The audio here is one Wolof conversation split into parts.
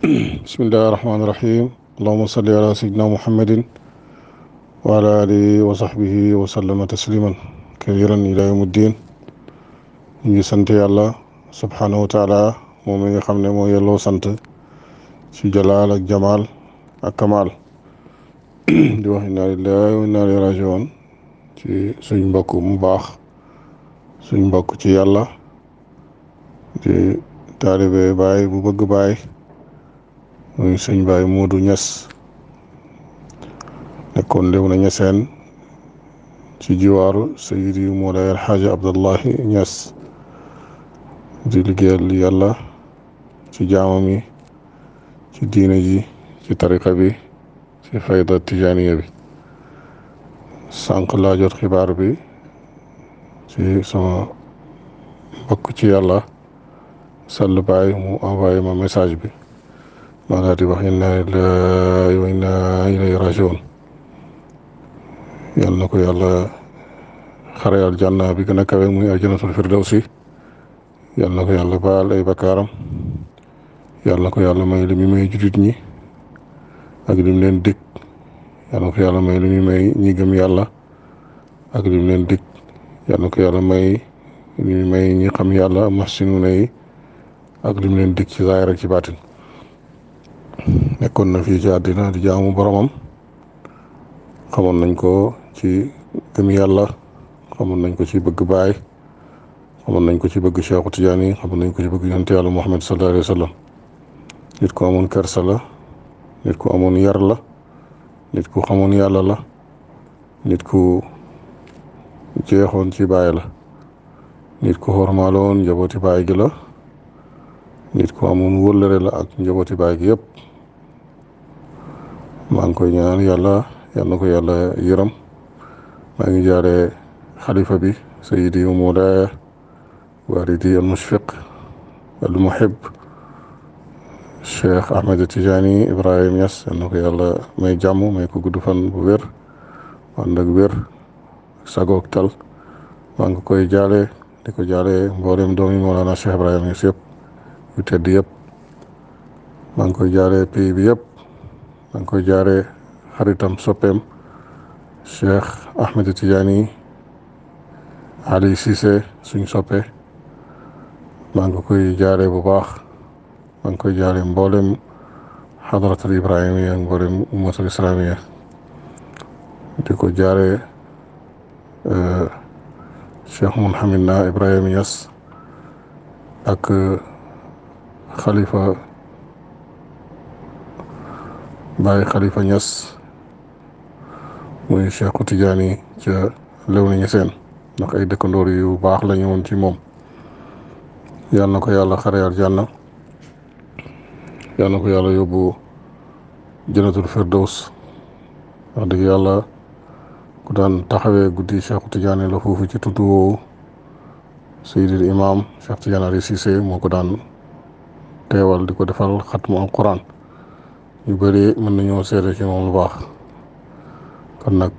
bismillahi rahmaani rahim allahuma salli ala sayidina muhammadin wa ala alihi wa sahbihi wa sallama tasliman kasiran ila yawmiddin ñu ngi sant yàlla subhaanahu wa taala moom mi nga xam ne moo yelloo sant ci jalaal ak jamaal ak kamal di wax inna lillahi wa inna ilayhi rajiun ci suñ mbokk mu ci yàlla di taalibe baay bu bëgg baay muy sëñ Baye Modou Niass nekkoon Léona Niassène ci jiwaaru Seydi Moulay El Hadj Abdallahi Niass di liggéeyal yàlla ci jaamam yi ci diine ji ci tariqa bi ci fayda tijaniya bi sànq laa jot xibaar bi ci sama mbokk ci yàlla sall baay mu envoyé ma message bi maanaam di wax inna lillahi wa inna ilayhi rajiun yal na ko yàlla xare aljanna bi gën a kawe muy aljanatul firdawsi yal na ko yàlla baal ay bakkaaram yal na ko yàlla may li muy may jullit ñi ak lim leen dig yal ko yàlla may li muy may ñi gëm yàlla ak lim leen dig yal na may li ñi xam yàlla mas si nu ne yi ak lim leen dig ci zaahir ak ci baatin nekkoon na fii ci àddina di jaamu boromam xamoon nañ ko ci gëm yàlla xamoon nañ ko ci bëgg baay xamoon nañ ko ci bëgg Cheikhu Tijaan yi xamoon nañ ko ci bëgg yonent yàlla Muhammad sallallahu alayhi wa nit ko amoon kersa nit ko amoon yar la nit ku xamoon yàlla la nit ku jeexoon ci baay la nit ku xormaaloon njabooti baay gi la nit ku amoon wëllëre la ak njabooti baay gi yëpp maa ngi koy ñaanal yàlla yàlla na ko yàlla yërëm maa ngi jaare xalifa bi sayidi wa moolaya walidi al mushfiq al ahmed tijani ibrahim Niass yàlla na ko yàlla jàmm ko gudd fan bu wér ànd maa ngi koy jaale di ko jaale mboolem doomi moolana cheikh ibrahim Niass yëpp yu tedd yëpp maa ngi koy jaale pays bi yëpp da nga koy jaaree xaritam soppeem Cheikh Ahmed Tidiane Ali Cissé suñ soppe maa ngi koy jaare bu baax maa koy jaaree mboolem xadaratul ibrahimiya mboolem ummatul islamiya di ko jaare euh, Cheikh Mounhamid na Ibrahima ak euh, xalifa Baye Khalifa Niass muy Cheikh Tidiane ca Léona Niassène ndax ay dëkkandoor yu baax la ñu woon ci moom yal na ko yàlla xare aljanna yal na ko yàlla yobbu jënatul firdaws wax dëgg yàlla ku daan taxawee guddi Cheikh Tidiane la foofu ci tudd woowu Seydil Imam Cheikh Tidiane Ali Cissé moo ko daan teewal di ko defal xatmu al Quran yu bëree mën nañoo seere ci moom lu baax kon nag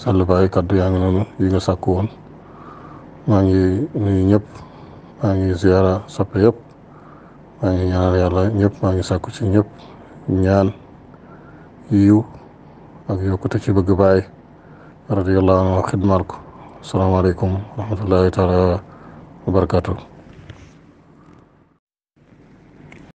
Sall Baye kaddu yaa ngi noonu yi nga sàkku woon maa ngi nuyu ñëpp maa ngi ziara soppe yëpp maa ngi ñaanal yàlla ñëpp maa ngi sàkku ci ñëpp ñaan yiw ak yokkute ci bëgg Baye radiyallahu anhu xidmaal ko asalaamaaleykum wa rahmatullahi taala barakaatu